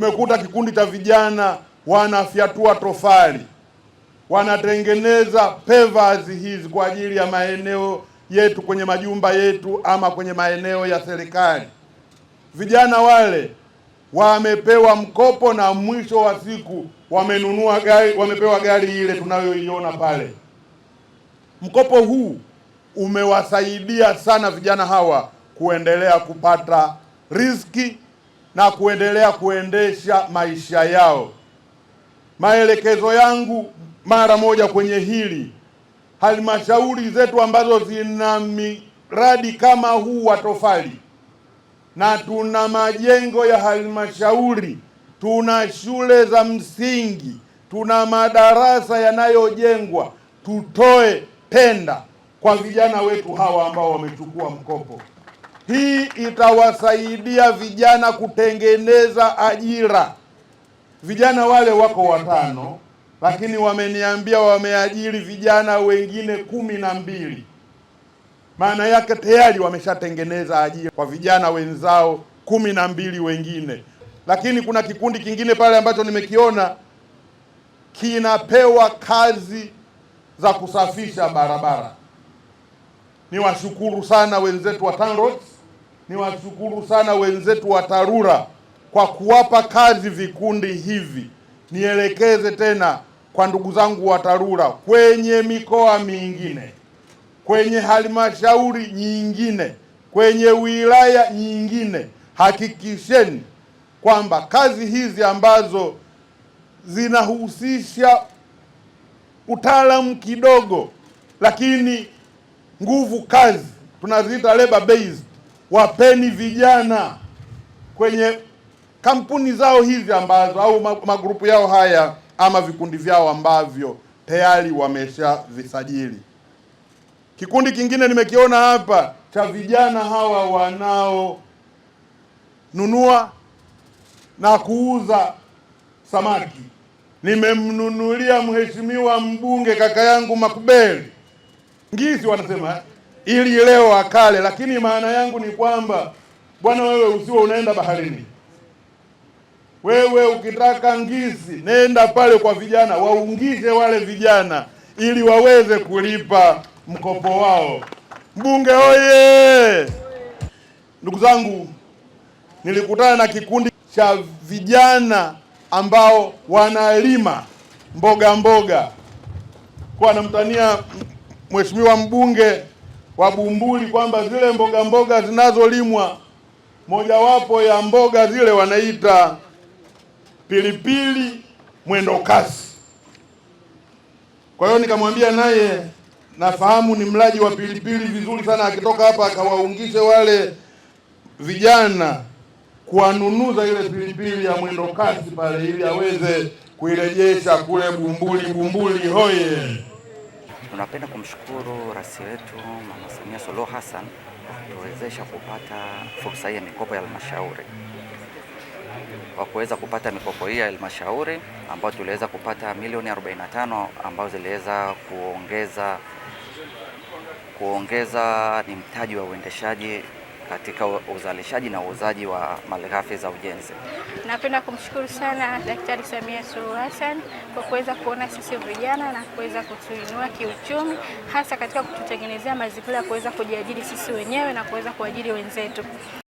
tumekuta kikundi cha vijana wanafyatua tofali, wanatengeneza pavers hizi kwa ajili ya maeneo yetu, kwenye majumba yetu ama kwenye maeneo ya serikali. Vijana wale wamepewa mkopo na mwisho wa siku wamenunua gari, wamepewa gari ile tunayoiona pale. Mkopo huu umewasaidia sana vijana hawa kuendelea kupata riziki na kuendelea kuendesha maisha yao. Maelekezo yangu mara moja kwenye hili, halmashauri zetu ambazo zina miradi kama huu wa tofali na tuna majengo ya halmashauri, tuna shule za msingi, tuna madarasa yanayojengwa, tutoe tenda kwa vijana wetu hawa ambao wamechukua mkopo. Hii itawasaidia vijana kutengeneza ajira. Vijana wale wako watano, lakini wameniambia wameajiri vijana wengine kumi na mbili. Maana yake tayari wameshatengeneza ajira kwa vijana wenzao kumi na mbili wengine. Lakini kuna kikundi kingine pale ambacho nimekiona kinapewa kazi za kusafisha barabara. Niwashukuru sana wenzetu wa TANROADS niwashukuru sana wenzetu wa TARURA kwa kuwapa kazi vikundi hivi. Nielekeze tena kwa ndugu zangu wa TARURA kwenye mikoa mingine, kwenye halmashauri nyingine, kwenye wilaya nyingine, hakikisheni kwamba kazi hizi ambazo zinahusisha utaalamu kidogo, lakini nguvu kazi tunaziita labor based wapeni vijana kwenye kampuni zao hizi ambazo au magrupu yao haya ama vikundi vyao ambavyo tayari wamesha visajili Kikundi kingine nimekiona hapa cha vijana hawa wanaonunua na kuuza samaki. Nimemnunulia mheshimiwa mbunge kaka yangu Makubeli, ngisi wanasema eh? ili leo akale, lakini maana yangu ni kwamba bwana, wewe usiwe unaenda baharini. Wewe ukitaka ngisi, nenda pale kwa vijana, waungize wale vijana ili waweze kulipa mkopo wao. Mbunge oye! Ndugu zangu, nilikutana na kikundi cha vijana ambao wanalima mboga mboga, kwa namtania mheshimiwa mbunge wabumbuli Bumbuli kwamba zile mboga mboga zinazolimwa mojawapo ya mboga zile wanaita pilipili mwendo kasi. Kwa hiyo nikamwambia naye, nafahamu ni mlaji wa pilipili vizuri sana, akitoka hapa akawaungishe wale vijana kuwanunuza ile pilipili ya mwendo kasi pale, ili aweze kuirejesha kule Bumbuli. Bumbuli hoye! Tunapenda kumshukuru rais wetu Mama Samia Suluhu Hassan kwa kutuwezesha kupata fursa hii ya mikopo ya halmashauri. Kwa kuweza kupata mikopo hii ya halmashauri ambayo tuliweza kupata milioni 45 ambazo ziliweza kuongeza kuongeza ni mtaji wa uendeshaji katika uzalishaji na uuzaji wa malighafi za ujenzi. Napenda kumshukuru sana Daktari Samia Suluhu Hassan kwa kuweza kuona sisi vijana na kuweza kutuinua kiuchumi, hasa katika kututengenezea mazingira ya kuweza kujiajiri sisi wenyewe na kuweza kuajiri wenzetu.